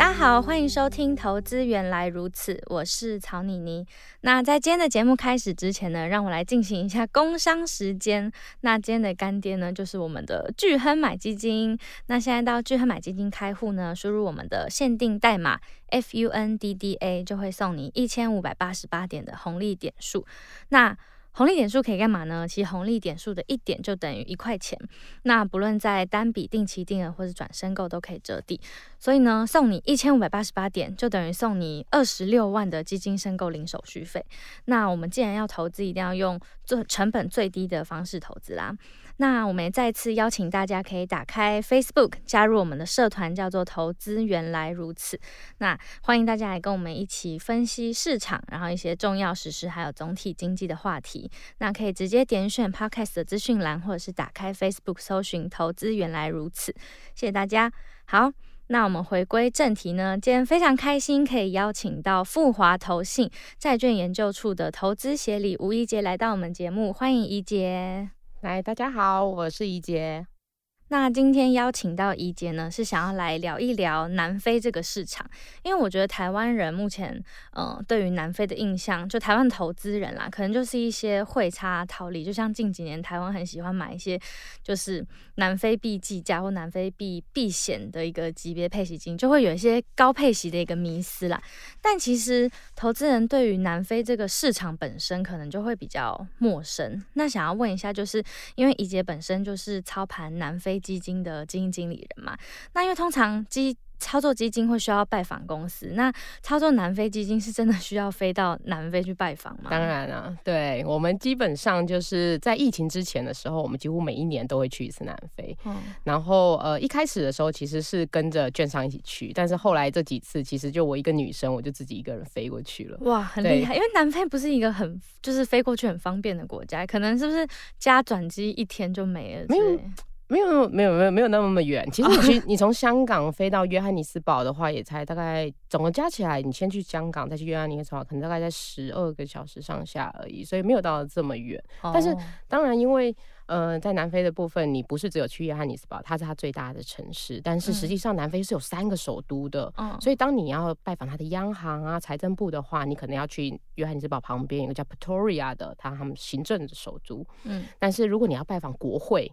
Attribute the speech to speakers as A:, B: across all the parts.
A: 大家好，歡迎收聽《投資原來如此》，我是曹妮妮。那在今天的節目開始之前呢，讓我來進行一下工商時間。那今天的乾爹呢，就是我們的鉅亨買基金。那現在到鉅亨買基金開戶呢，輸入我們的限定代碼 FUNDDA，就會送你一千五百八十八點的紅利點數。那紅利點數可以幹嘛呢？其實紅利點數的一點就等於一塊錢，那不論在單筆定期定額或者轉申購都可以折抵，所以呢，送你一千五百八十八點，就等於送你二十六萬的基金申購零手續費。那我們既然要投資，一定要用最成本最低的方式投資啦。那我們也再次邀請大家，可以打開 Facebook 加入我們的社團，叫做“投資原來如此”。那歡迎大家來跟我們一起分析市場，然後一些重要時事，還有總體經濟的話題。那可以直接點選 Podcast 的資訊欄，或者是打開 Facebook 搜尋“投資原來如此”。謝謝大家。好，那我們回歸正題呢，今天非常開心可以邀請到復華投信債券研究處的投資協理吳宜潔來到我們節目，歡迎宜潔。來，大家好，我是宜潔。那今天邀請到宜潔呢，是想要來聊一聊南非這個市場，因為我覺得台灣人目前，嗯、呃，對於南非的印象，就台灣投資人啦，可能就是一些匯差套利，就像近幾年台灣很喜歡買一些就是南非幣計價或南非幣避險的一個級別配息金，就會有一些高配息的一個迷思啦。但其實投資人對於南非這個市場本身，可能就會比較陌生。那想要問一下，就是因為宜潔本身就是操盤南非。基金的基金經理人嘛，那因為通常基操作基金會需要拜訪公司，那操作南非基金是真的需要飛到南非去拜訪嗎？當然了，啊，對我們基本上就是在疫情之前的時候，我們幾乎每一
B: 年都會去一次南非。嗯，然後呃一開始的時候其實是跟着券商一起去，但是後來這幾次其實就我一個女生，我就自己一個人飛過去了。哇，
A: 很厲害！對因為南非不是一個很就是飛過去很方便的國家，可能是不是加轉機一天就沒了？對。
B: 沒有沒有沒有沒有那麼遠。其實你去你從香港飛到約翰尼斯堡的話，也才大概總的加起來，你先去香港再去約翰尼斯堡，可能大概在十二個小時上下而已，所以沒有到這麼遠。但是當然，因為呃，在南非的部分，你不是只有去約翰尼斯堡，它是它最大的城市，但是實際上南非是有三個首都的。所以當你要拜訪它的央行啊、財政部的話，你可能要去約翰尼斯堡旁邊一個叫 Pretoria 的，它他們行政的首都。但是如果你要拜訪國會，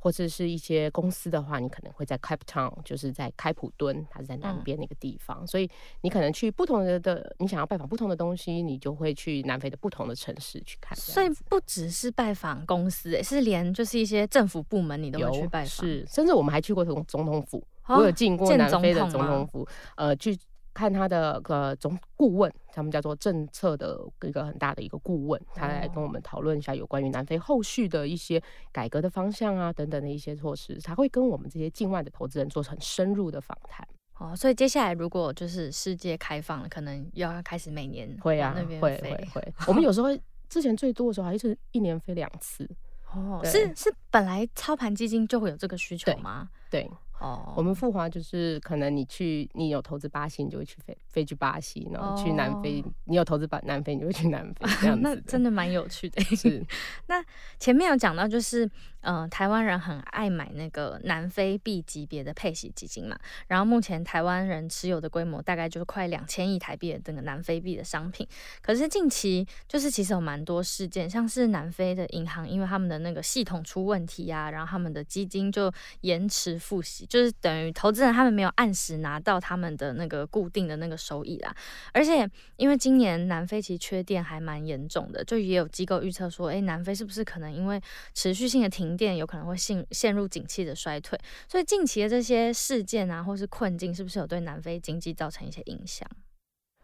B: 或者是一些公司的話，你可能會在開普敦，就是在開普敦，它是在南邊那個地方，嗯、所以你可能去不同的的，你想要拜訪不同的東西，你就會去南非的不同的城市去看。
A: 所以不只是拜訪公司，是連就是一些政府部門，你都有去拜訪，是，
B: 甚至我們還去過總總統府，哦、見總統嗎？我有進過南非的總統府，呃，去。看他的呃總顧問，他們叫做政策的一個很大的一個顧問，他來跟我們討論一下有關於南非後續的一些改革的方向啊等等的一些措施，他會跟我們這些境外的投資人做很深入的訪談。
A: 哦，所以接下來如果就是世界開放了，可能又要開始每年會啊，那邊會會會。會會好我們有時
B: 候之前最多的時候還是一年飛兩次。哦，是對是，是本來
A: 操盤基金就會有這個需求嗎？對。
B: 對哦，oh. 我們復華就是可能你去，你有投資巴西，你就會去飛飛去巴西，然後去南非，oh. 你有投資巴南，南非，你就會去南
A: 非這樣子， 那真的蠻有趣的。是， 那前面有講到就是，嗯、呃，台灣人很愛買那個南非幣級別的配息基金嘛，然後目前台灣人持有的規模大概就是快兩千億台幣的這個南非幣的商品，可是近期就是其實有蠻多事件，像是南非的銀行因為他們的那個系統出問題啊，然後他們的基金就延遲付息。就是等於投資人他們沒有按時拿到他們的那個固定的那個收益啦，而且因為今年南非其實缺電還蠻嚴重的，就也有機構預測說，誒，南非是不是可能因為持續性的停電，有可能會陷陷入景氣的衰退？所以近期的這些事件啊，或是困境，是不是有對南非經濟造成一些影響？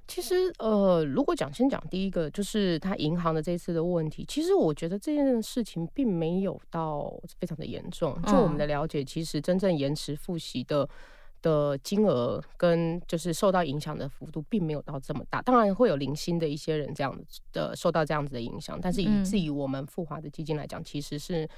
B: 其實，呃，如果講先講第一個，就是他銀行的這次的問題。其實我覺得這件事情並沒有到非常的嚴重。就我們的了解，其實真正延遲付息的的金額跟就是受到影響的幅度，並沒有到這麼大。當然會有零星的一些人這樣的受到這樣子的影響，但是以至於我們復華的基金來講，其實是。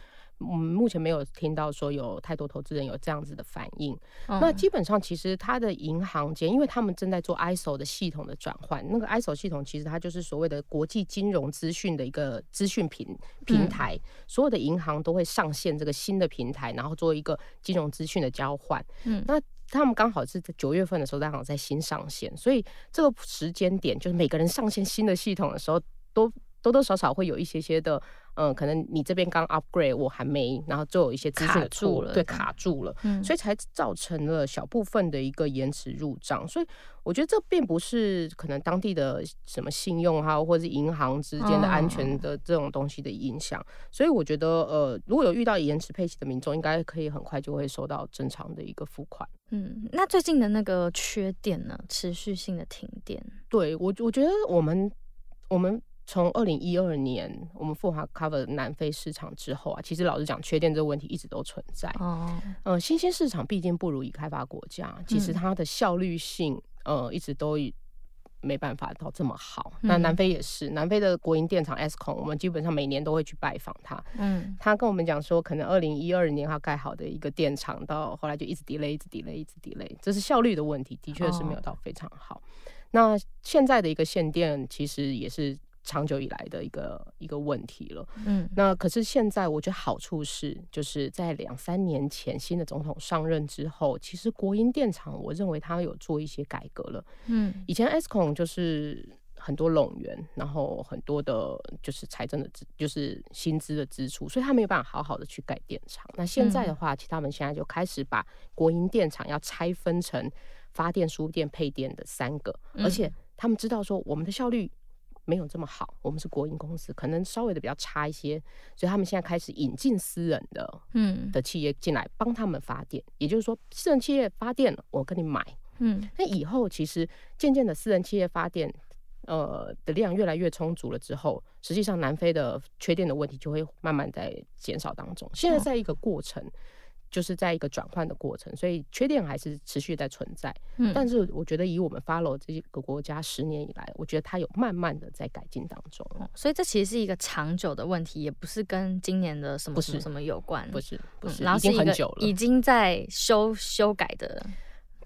B: 嗯，目前沒有聽到說有太多投資人有這樣子的反應。哦、那基本上，其實他的銀行間，因為他們正在做 ISO 的系統的轉換。那個 ISO 系統其實它就是所謂的國際金融資訊的一個資訊平平台，嗯、所有的銀行都會上線這個新的平台，然後做一個金融資訊的交換。嗯，那他們剛好是在九月份的時候剛好在新上線，所以這個時間點就是每個人上線新的系統的時候，都多，多多少少會有一些些的。嗯，可能你這邊剛 upgrade，我還沒，然後就有一些資訊卡住了，對，卡住了，嗯，所以才造成了小部分的一個延遲入賬。所以我覺得這並不是可能當地的什麼信用哈，或是銀行之間的安全的這種東西的影響。哦、所以我覺得，呃，如果有遇到延遲配息的民眾，應該可以很快就會收到正常的一個付款。
A: 嗯，那最近的那個缺點呢？持續性的停電。
B: 對我，我覺得我們我們。從二零一二年我們復華 cover 南非市場之後啊，其實老實講，缺電這個問題一直都存在。哦，嗯，新興市場畢竟不如已開發國家，其實它的效率性，呃，一直都沒辦法到這麼好。那南非也是，南非的國營電廠 Eskom，我們基本上每年都會去拜訪他。嗯，他跟我們講說，可能二零一二年他蓋好的一個電廠，到後來就一直 delay，一直 delay，一直 delay，這是效率的問題，的確是沒有到非常好。那現在的一個限電，其實也是。長久以來的一個一個問題了，嗯，那可是現在我覺得好處是，就是在兩三年前新的總統上任之後，其實國營電廠我認為它有做一些改革了，嗯，以前 Eskom 就是很多冗員，然後很多的就是財政的支就是薪資的支出，所以它沒有辦法好好的去蓋電廠。那現在的話，嗯、其實他們現在就開始把國營電廠要拆分成發電、輸電、配電的三個，嗯、而且他們知道說我們的效率。沒有這麼好，我們是國營公司，可能稍微的比較差一些，所以他們現在開始引進私人的，嗯，的企業進來幫他們發電，也就是說，私人企業發電了，我跟你買，嗯，那以後其實漸漸的私人企業發電，呃的量越來越充足了之後，實際上南非的缺電的問題就會慢慢在減少當中，現在在一個過程。哦就是在一個轉換的過程，所以缺電還是持續在存在。嗯，但是我覺得以我們 follow 這個國家十年以來，我覺得它有慢慢的在改進當中，
A: 嗯。所以這其實是一個長久的問題，也不是跟今年的什麼什麼什麼有關，不是不是，已經很久了，已經在修修改的。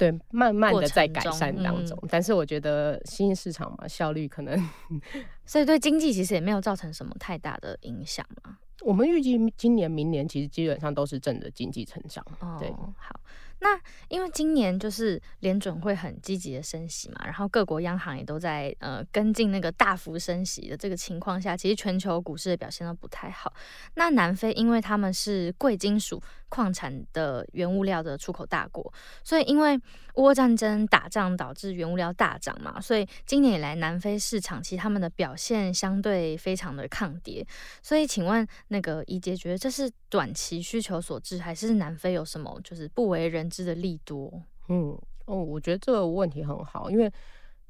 B: 對，慢慢的在改善當中，中嗯、但是我覺得新興市場嘛，效率可能 ，
A: 所以對經
B: 濟其實也沒有造成什麼太大的影響嘛。我們預計今年、明年其實基本上都是正的經濟成長。對，哦、
A: 好。那因為今年就是聯準會很積極的升息嘛，然後各國央行也都在呃跟進那個大幅升息的這個情況下，其實全球股市的表現都不太好。那南非因為他們是貴金屬礦產的原物料的出口大國，所以因為，俄烏戰爭打仗導致原物料大漲嘛，所以今年以來南非市場其實他們的表現相對非常的抗跌，所以請問那個宜潔覺得這是短期需求所致，還是南非有什麼就是不為人知的利多？
B: 嗯，
A: 哦，我覺得這
B: 個問題很好，因為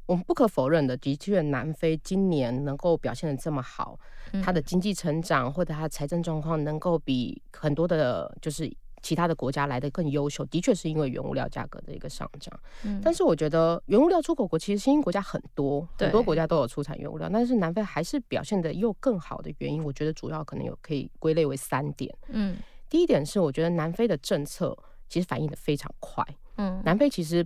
B: 我們不可否認的，的確南非今年能夠表現的這麼好，它的經濟成長或者它的財政狀況能夠比很多的，就是。其他的國家來得更優秀，的確是因為原物料價格的一個上漲。嗯，但是我覺得原物料出口國其實新興國家很多，對很多國家都有出產原物料，但是南非還是表現得又更好的原因，我覺得主要可能有可以歸類為三點。嗯，第一點是我覺得南非的政策其實反應得非常快。嗯，南非其實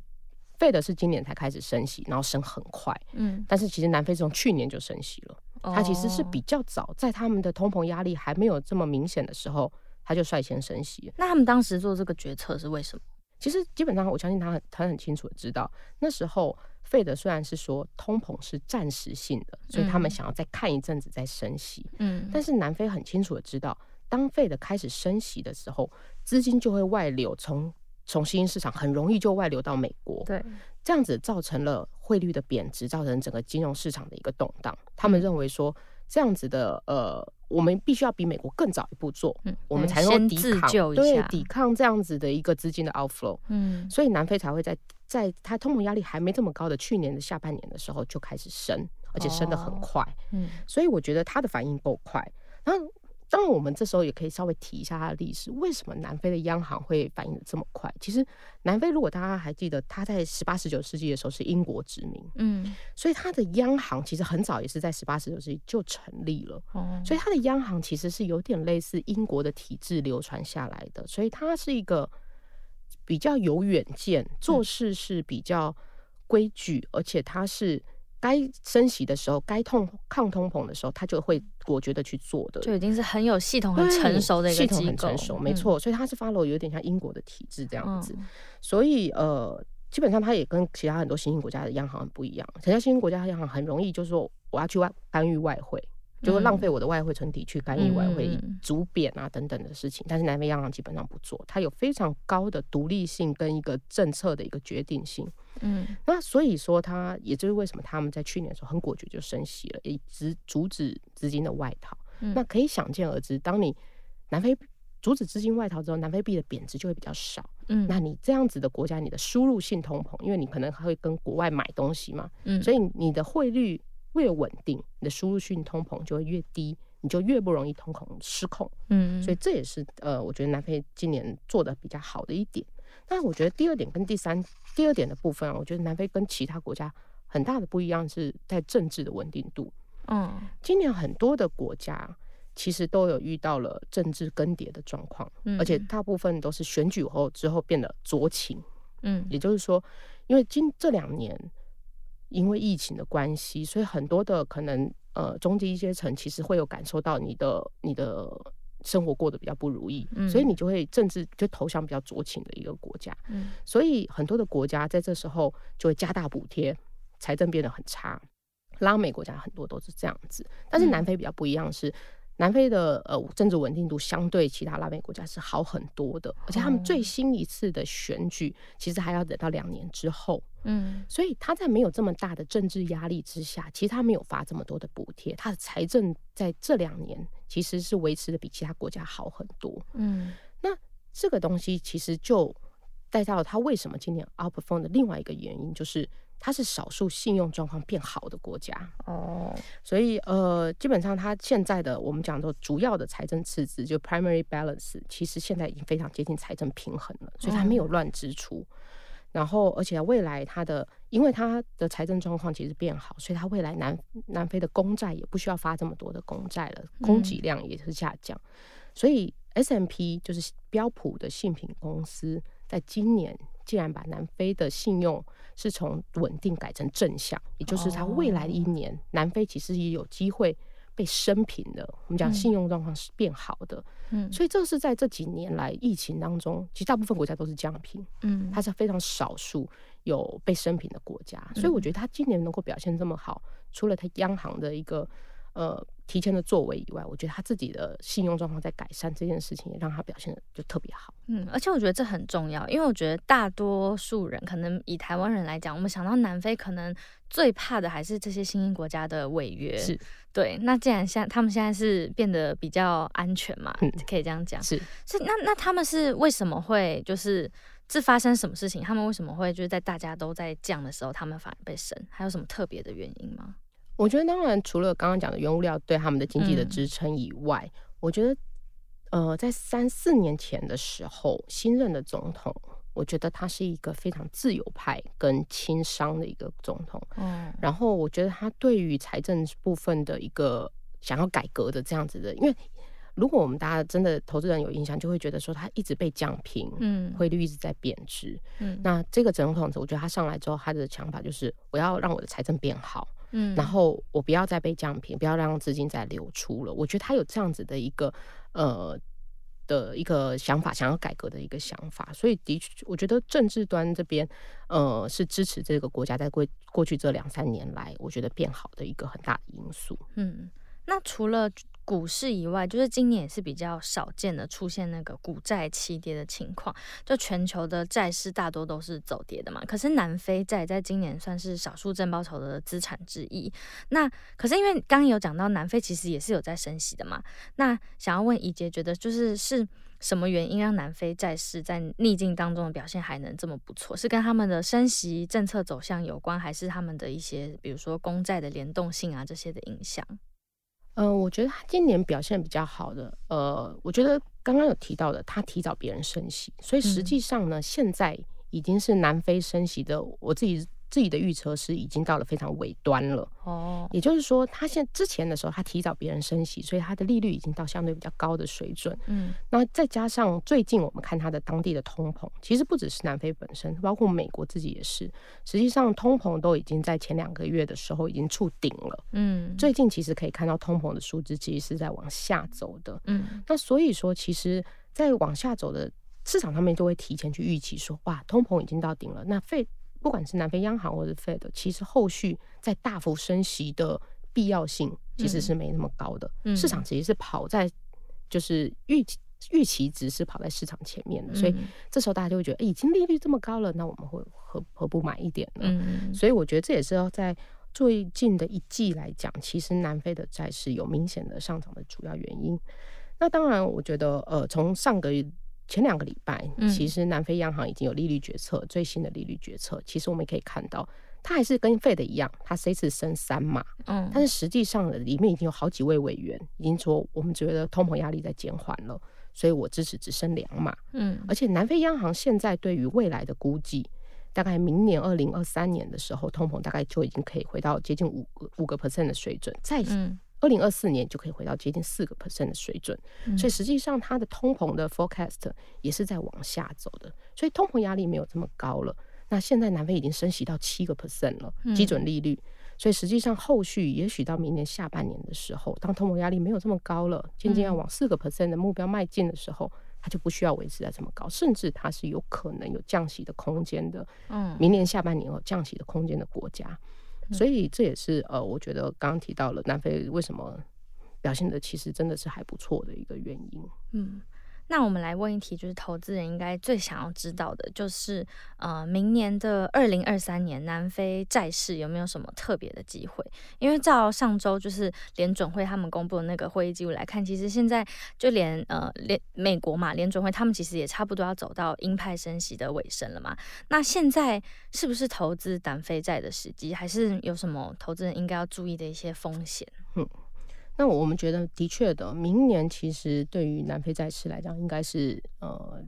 B: Fed 的是今年才開始升息，然後升很快。嗯，但是其實南非從去年就升息了，哦，它其實是比較早，在他們的通膨壓力還沒有這麼明顯的時候。他就率先升息，那他們當時做這個決策是為什麼？其實基本上，我相信他很他很清楚的知道，那時候費德雖然是說通膨是暫時性的，所以他們想要再看一陣子再升息，嗯，但是南非很清楚的知道，當費德開始升息的時候，資金就會外流，從從新興市場很容易就外流到美國，對，這樣子造成了匯率的貶值，造成整個金融市場的一個動盪。他們認為說。這樣子的呃，我們必須要比美國更早一步做，嗯、我們才能夠抵抗，自救，對，抵抗這樣子的一個資金的 outflow。嗯，所以南非才會在在它通膨壓力還沒這麼高的去年的下半年的時候就開始升，而且升得很快。嗯、哦，所以我覺得它的反應夠快。然後。當然，我們這時候也可以稍微提一下它的歷史。為什麼南非的央行會反應得這麼快？其實，南非如果大家還記得，它在十八、十九世紀的時候是英國殖民，嗯，所以它的央行其實很早也是在十八、十九世紀就成立了。嗯，所以它的央行其實是有點類似英國的體制流傳下來的，所以它是一個比較有遠見、做事是比較規矩，而且它是。該升息的時候，該通抗通膨的時候，它就會我覺得去做的，就
A: 已經是很有系統、很成熟的一個機構，系統很成熟，嗯、沒錯。
B: 所以它是 follow 有點像英國的體制這樣子。哦、所以呃，基本上它也跟其他很多新興國家的央行很不一樣。其他新興國家的央行很容易就是說，我要去干外干預外匯。就會浪費我的外匯存底去干預外匯阻貶啊，等等的事情，嗯、但是南非央行基本上不做，它有非常高的獨立性跟一個政策的一個決定性。嗯，那所以說它也就是為什麼他們在去年的時候很果決就升息了，以止阻止資金的外逃。嗯、那可以想見而知，當你南非阻止資金外逃之後，南非幣的貶值就會比較少。嗯，那你這樣子的國家，你的輸入性通膨，因為你可能還會跟國外買東西嘛。嗯，所以你的匯率，越穩定，你的輸入性通膨就會越低，你就越不容易通膨失控。嗯，所以這也是呃，我覺得南非今年做得比較好的一點。那我覺得第二點跟第三，第二點的部分啊，我覺得南非跟其他國家很大的不一樣是在政治的穩定度。嗯、哦，今年很多的國家其實都有遇到了政治更迭的狀況，嗯、而且大部分都是選舉後之後變得酌情。嗯，也就是說，因為今這兩年。因為疫情的關係，所以很多的可能，呃，中低階層其實會有感受到你的你的生活過得比較不如意，嗯、所以你就會政治就投降比較酌情的一個國家，嗯、所以很多的國家在這時候就會加大補貼，財政變得很差，拉美國家很多都是這樣子，但是南非比較不一樣是。嗯南非的呃政治穩定度相對其他拉美國家是好很多的，而且他們最新一次的選舉其實還要等到兩年之後，嗯，所以他在沒有這麼大的政治壓力之下，其實他沒有發這麼多的補貼，他的財政在這兩年其實是維持的比其他國家好很多，嗯，那這個東西其實就帶到了他為什麼今年 outperform 的另外一個原因就是。它是少數信用狀況變好的國家哦，oh. 所以呃，基本上它現在的我們講的主要的財政赤字就 primary balance，其實現在已經非常接近財政平衡了，所以它沒有亂支出。Oh. 然後，而且未來它的，因為它的財政狀況其實變好，所以它未來南南非的公債也不需要發這麼多的公債了，供給量也是下降。嗯，所以 S&P 就是標普的信評公司，在今年，竟然把南非的信用是從穩定改成正向，也就是它未來的一年、oh. 南非其實也有機會被升評的。我們講信用狀況是變好的，嗯，所以這是在這幾年來疫情當中，其實大部分國家都是降評，嗯，它是非常少數有被升評的國家，所以我覺得它今年能夠表現這麼好，除了它央行的一個。呃，提前的作為以外，我覺得他自己的信用狀況在改善這件事情，也讓他表現得就特別
A: 好。嗯，而且我覺得這很重要，因為我覺得大多數人，可能以台灣人來講，我們想到南非，可能最怕的還是這些新興國家的違約。是，對。那既然現他們現在是變得比較安全嘛，嗯，可以這樣講。是，是。那那他們是為什麼會就是這發生什麼事情？他們為什麼會就是在大家都在降的時候，他們反而被升？還有什麼特別的原因嗎？
B: 我覺得當然，除了剛剛講的原物料對他們的經濟的支撐以外，嗯、我覺得，呃，在三四年前的時候，新任的總統，我覺得他是一個非常自由派跟親商的一個總統。嗯，然後我覺得他對於財政部分的一個想要改革的這樣子的，因為如果我們大家真的投資人有印象，就會覺得說他一直被降評，嗯，匯率一直在貶值，嗯，那這個總統，我覺得他上來之後，他的想法就是我要讓我的財政變好。嗯，然後我不要再被降評，不要讓資金再流出了。我覺得他有這樣子的一個，呃，的一個想法，想要改革的一個想法。所以的確，我覺得政治端這邊，呃，是支持這個國家在過過去這兩三年來，我覺得變好的一個很大的因素。嗯，
A: 那除了。股市以外，就是今年也是比較少見的出現那個股債齊跌的情況。就全球的債市大多都是走跌的嘛，可是南非債在今年算是少數正報酬的資產之一。那可是因為剛剛有講到南非其實也是有在升息的嘛。那想要問宜潔，覺得就是是什麼原因讓南非債市在逆境當中的表現還能這麼不錯？是跟他們的升息政策走向有關，還是他們的一些比如說公債的聯動性啊這些的影響？
B: 嗯、呃，我覺得他今年表現比較好的，呃，我覺得剛剛有提到的，他提早別人升息，所以實際上呢，嗯、現在已經是南非升息的，我自己。自己的預測是已經到了非常尾端了哦，也就是說，他現在之前的時候，他提早別人升息，所以他的利率已經到相對比較高的水準。嗯，那再加上最近我們看他的當地的通膨，其實不只是南非本身，包括美國自己也是，實際上通膨都已經在前兩個月的時候已經觸頂了。嗯，最近其實可以看到通膨的數字，其實是在往下走的。嗯，那所以說，其實在往下走的市場上面，就會提前去預期說，哇，通膨已經到頂了。那費。不管是南非央行或者 Fed，其實後續在大幅升息的必要性其實是沒那麼高的。嗯嗯、市場其實是跑在，就是預期預期值是跑在市場前面的，嗯、所以這時候大家就會覺得、欸，已經利率這麼高了，那我們會何何不買一點呢？嗯、所以我覺得這也是要在最近的一季來講，其實南非的債市有明顯的上漲的主要原因。那當然，我覺得呃，從上個月。前兩個禮拜，其實南非央行已經有利率決策，嗯、最新的利率決策，其實我們可以看到，它還是跟 Fed 一樣，它這次升三碼。嗯、但是實際上裡面已經有好幾位委員已經說，我們覺得通膨壓力在減緩了，所以我支持只升兩碼。嗯，而且南非央行現在對於未來的估計，大概明年二零二三年的時候，通膨大概就已經可以回到接近五五個 percent 的水準。再嗯二零二四年就可以回到接近四個 percent 的水準，嗯、所以實際上它的通膨的 forecast 也是在往下走的，所以通膨壓力沒有這麼高了。那現在南非已經升息到七個 percent 了，基準利率。嗯、所以實際上後續也許到明年下半年的時候，當通膨壓力沒有這麼高了，漸漸要往四個 percent 的目標邁進的時候，嗯、它就不需要維持在這麼高，甚至它是有可能有降息的空間的。嗯，明年下半年有降息的空間的國家。哦。所以這也是呃，我覺得剛剛提到了南非為什麼表現的其實真的是還不錯的一個原因。嗯。
A: 那我們來問一題，就是投資人應該最想要知道的，就是呃，明年的二零二三年南非債市有沒有什麼特別的機會？因為照上周就是聯準會他們公布的那個會議記錄來看，其實現在就連呃聯美國嘛聯準會他們其實也差不多要走到鷹派升息的尾聲了嘛。那現在是不是投資南非債的時機，還是有什麼投資人應該要注意的一些風險？
B: 那我們覺得的確的，明年其實對於南非債市來講，應該是呃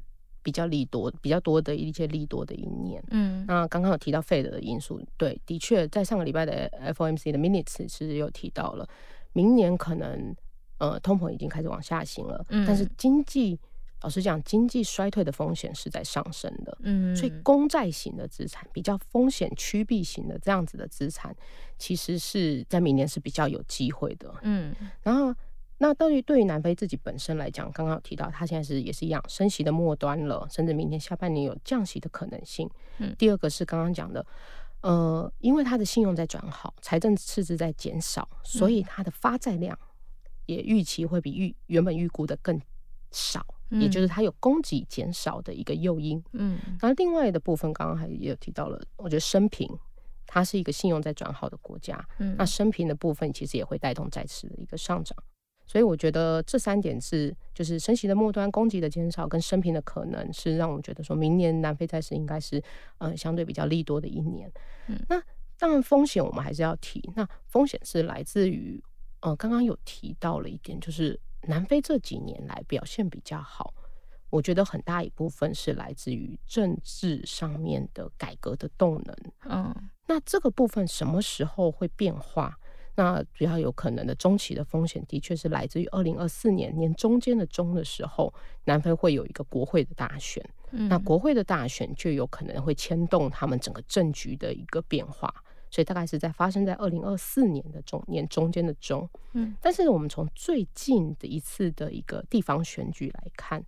B: 比較利多比較多的一些利多的一年。嗯，那剛剛有提到 Fed 的因素，對，的確在上個禮拜的 FOMC 的 Minutes 其實有提到了，明年可能呃通膨已經開始往下行了，嗯，但是經濟，老實講，經濟衰退的風險是在上升的，嗯，所以公債型的資產比較風險趨避型的這樣子的資產，其實是在明年是比較有機會的，嗯，然後那到底對於南非自己本身來講，剛剛有提到它現在是也是一樣升息的末端了，甚至明年下半年有降息的可能性，嗯，第二個是剛剛講的，呃，因為它的信用在轉好，財政赤字在減少，所以它的發債量也預期會比預原本預估的更少。也就是它有供給減少的一個誘因，嗯，那另外的部分剛剛還也有提到了，我覺得升評，它是一個信用在轉好的國家，嗯，那升評的部分其實也會帶動債市的一個上漲，所以我覺得這三點是就是升息的末端，供給的減少跟升評的可能，是讓我們覺得說明年南非債市應該是嗯、呃、相對比較利多的一年，嗯，那當然風險我們還是要提，那風險是來自於嗯剛剛有提到了一點就是。南非這幾年來表現比較好，我覺得很大一部分是來自於政治上面的改革的動能。嗯、哦，那這個部分什麼時候會變化？那主要有可能的中期的風險，的確是來自於二零二四年年中間的中的時候，南非會有一個國會的大選。嗯，那國會的大選就有可能會牽動他們整個政局的一個變化。所以大概是在發生在二零二四年的中年中間的中，嗯，但是我們從最近的一次的一個地方選舉來看，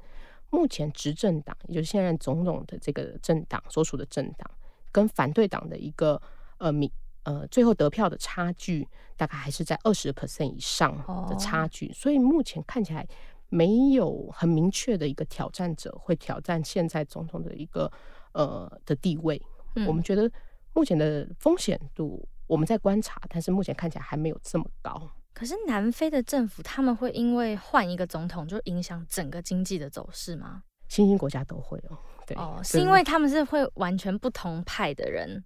B: 目前執政黨也就是現任總統的這個政黨所屬的政黨，跟反對黨的一個呃民呃最後得票的差距，大概還是在二十 percent 以上的差距，哦、所以目前看起來沒有很明確的一個挑戰者會挑戰現在總統的一個呃的地位，嗯、我們覺得。目前的風險度我們在觀察，但是目前看起來還沒有這麼高。
A: 可是南非的政府他們會因為換一個總統就影響整個經濟的走勢嗎？
B: 新興國家都會哦、喔，對哦，是因為
A: 他們是會完全不同派的人，
B: 嗎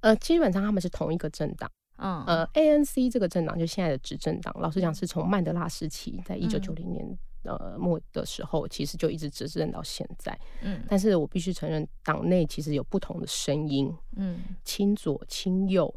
B: 呃，基本上他們是同一個政黨，嗯、哦，呃，ANC 這個政黨就是現在的執政黨，老實講是從曼德拉時期，在一九九零年。嗯呃，末的時候其實就一直執政到現在，嗯，但是我必須承認，黨內其實有不同的聲音，嗯，親左親右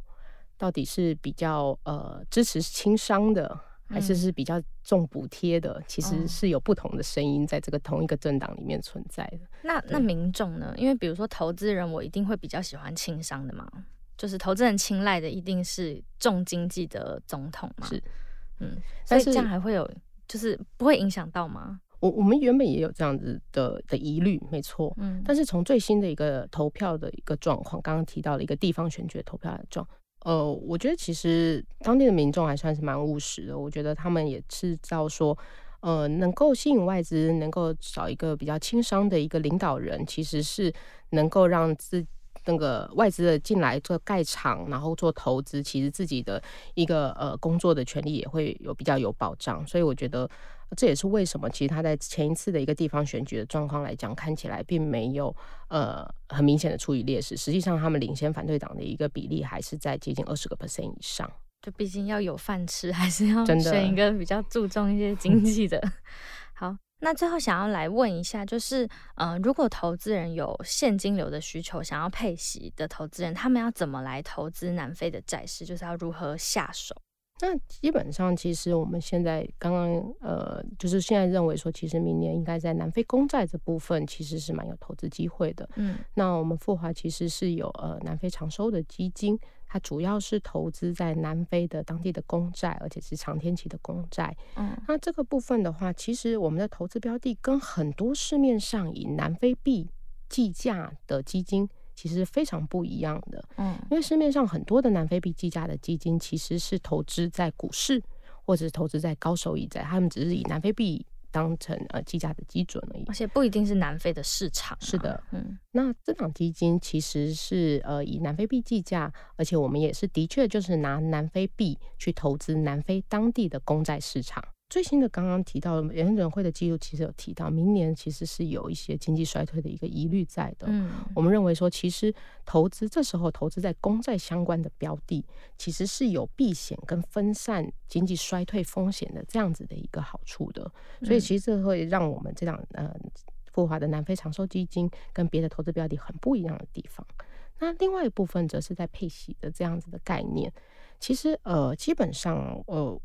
B: 到底是比較呃支持親商的，嗯、還是是比較重補貼的？嗯、其實是有不同的聲音在這個同一個政黨裡面存
A: 在的。那對 那民眾呢？因為比如說投資人，我一定會比較喜歡親商的嘛，就是投資人青睞的一定是重經濟的總統嘛，是，嗯，但是所以這樣還會有。就是不會影響到嗎？
B: 我我們原本也有這樣子的的疑慮，沒錯，嗯。但是從最新的一個投票的一個狀況，剛剛提到了一個地方選舉的投票的狀，呃，我覺得其實當地的民眾還算是蠻務實的。我覺得他們也是知道說，呃，能夠吸引外資，能夠找一個比較親商的一個領導人，其實是能夠讓自。那個外資的進來做蓋廠，然後做投資，其實自己的一個呃工作的權利也會有比較有保障，所以我覺得這也是為什麼，其實他在前一次的一個地方選舉的狀況來講，看起來並沒有呃很明顯的處於劣勢，實際上他們領先反對黨的一個比例還是在接近二十個 percent 以上。
A: 就畢竟要有飯吃，還是要選一個比較注重一些經濟的，真的 好。那最後想要來問一下，就是呃，如果投資人有現金流的需求，想要配息的投資人，他們要怎麼來投資南非的債市？就是要如何下手？
B: 那基本上，其實我們現在剛剛呃，就是現在認為說，其實明年應該在南非公債這部分其實是蠻有投資機會的。嗯，那我們復華其實是有呃南非長收的基金。它主要是投資在南非的當地的公債，而且是長天期的公債。嗯，那這個部分的話，其實我們的投資標的跟很多市面上以南非幣計價的基金其實非常不一樣的。嗯，因為市面上很多的南非幣計價的基金，其實是投資在股市或者是投資在高收益債，他們只是以南非幣。當成呃計價的基準而已，而且不一定是南非的市場啊。是的，嗯，那這檔基金其實是呃以南非幣計價，而且我們也是的確就是拿南非幣去投資南非當地的公債市場。最新的剛剛提到，聯準會的記錄其實有提到，明年其實是有一些經濟衰退的一個疑慮在的。嗯，我們認為說，其實投資這時候投資在公債相關的標的，其實是有避險跟分散經濟衰退風險的這樣子的一個好處的。所以其實這會讓我們這樣呃復華的南非長收基金跟別的投資標的很不一樣的地方。那另外一部分則是在配息的這樣子的概念，其實呃基本上呃。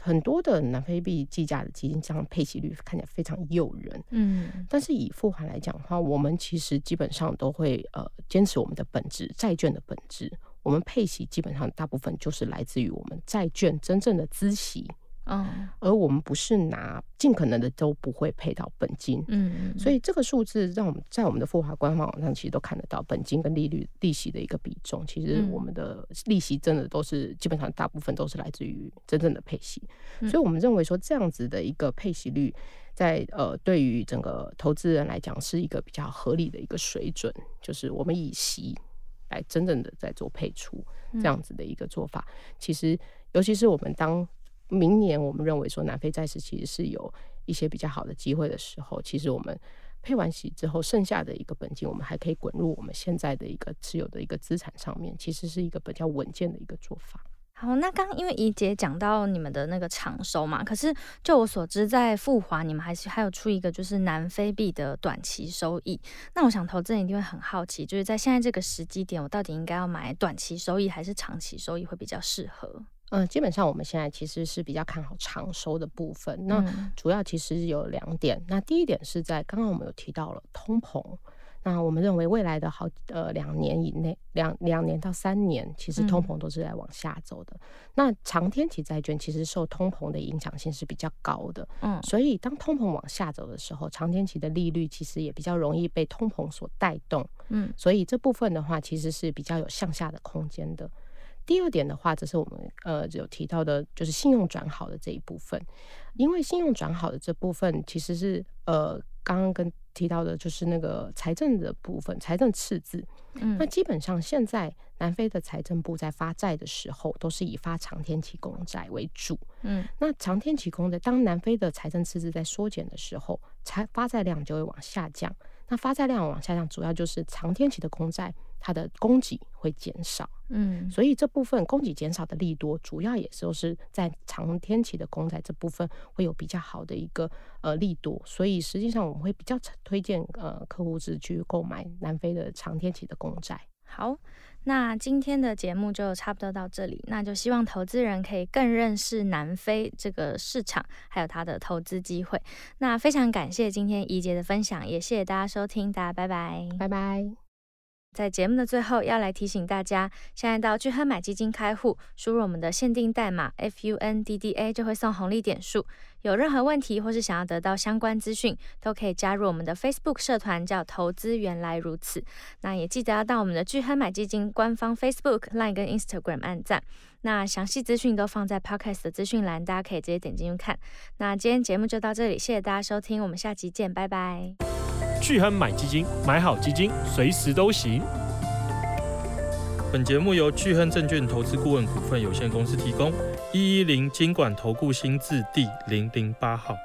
B: 很多的南非幣計價的基金，這樣配息率看起來非常誘人，嗯，但是以復華來講的話，我們其實基本上都會呃堅持我們的本質，債券的本質，我們配息基本上大部分就是來自於我們債券真正的孳息。Oh. 而我們不是拿盡可能的都不會配到本金，所以這個數字讓我們在我們的復華官方網站其實都看得到本金跟利率利息的一個比重，其實我們的利息真的都是基本上大部分都是來自於真正的配息，所以我們認為說這樣子的一個配息率，在呃對於整個投資人來講是一個比較合理的一個水準，就是我們以息來真正的在做配出這樣子的一個做法，其實尤其是我們當。明年我們認為說南非債市，其實是有一些比較好的機會的時候，其實我們配完息之後剩下的一個本金，我們還可以滾入我們現在的一個持有的一個資產上面，其實是一個比較穩健的一個做法。
A: 好，那剛剛因為怡姐講到你們的那個長收嘛，可是就我所知，在復華你們還是還有出一個就是南非幣的短期收益。那我想投資人一定會很好奇，就是在現在這個時機點，我到底應該要買短期收益還是長期收益會比較適合？
B: 嗯、呃，基本上我們現在
A: 其實是比較看好
B: 長收的部分。嗯、那主要其實有兩點。那第一點是在剛剛我們有提到了通膨，那我們認為未來的好呃兩年以內，兩兩年到三年，其實通膨都是在往下走的。嗯、那長天期債券其實受通膨的影響性是比較高的。嗯，所以當通膨往下走的時候，長天期的利率其實也比較容易被通膨所帶動。嗯，所以這部分的話，其實是比較有向下的空間的。第二點的話，這是我們呃有提到的，就是信用轉好的這一部分，因為信用轉好的這部分其實是呃剛剛跟提到的，就是那個財政的部分，財政赤字。嗯，那基本上現在南非的財政部在發債的時候，都是以發長天期公債為主。嗯，那長天期公債，當南非的財政赤字在縮減的時候，財發債量就會往下降。那發債量往下降，主要就是長天期的公債。它的供給會減少，嗯，所以這部分供給減少的利多，主要也是就是在長天期的公債這部分會有比較好的一個呃利多，所以實際上我們會比較推薦呃客戶是去購買南非的長天期的公債。
A: 好，那今天的節目就差不多到這裡，那就希望投資人可以更認識南非這個市場，還有它的投資機會。那非常感謝今天宜潔的分享，也謝謝大家收聽，大家拜拜，拜拜。在節目的最後，要來提醒大家，現在到鉅亨買基金開戶，輸入我們的限定代碼 FUNDDA 就會送紅利點數。有任何問題或是想要得到相關資訊，都可以加入我們的 Facebook 社團叫，叫投資原來如此。那也記得要到我們的鉅亨買基金官方 Facebook、Line 跟 Instagram 按讚。那詳細資訊都放在 Podcast 的資訊欄，大家可以直接點進去看。那今天節目就到這裡，謝謝大家收聽，我們下期見，拜拜。钜亨買基金，買好基金，隨時都行。本節目由钜亨證券投資顧問股份有限公司提供，一一零金管投顧新字第零零八號。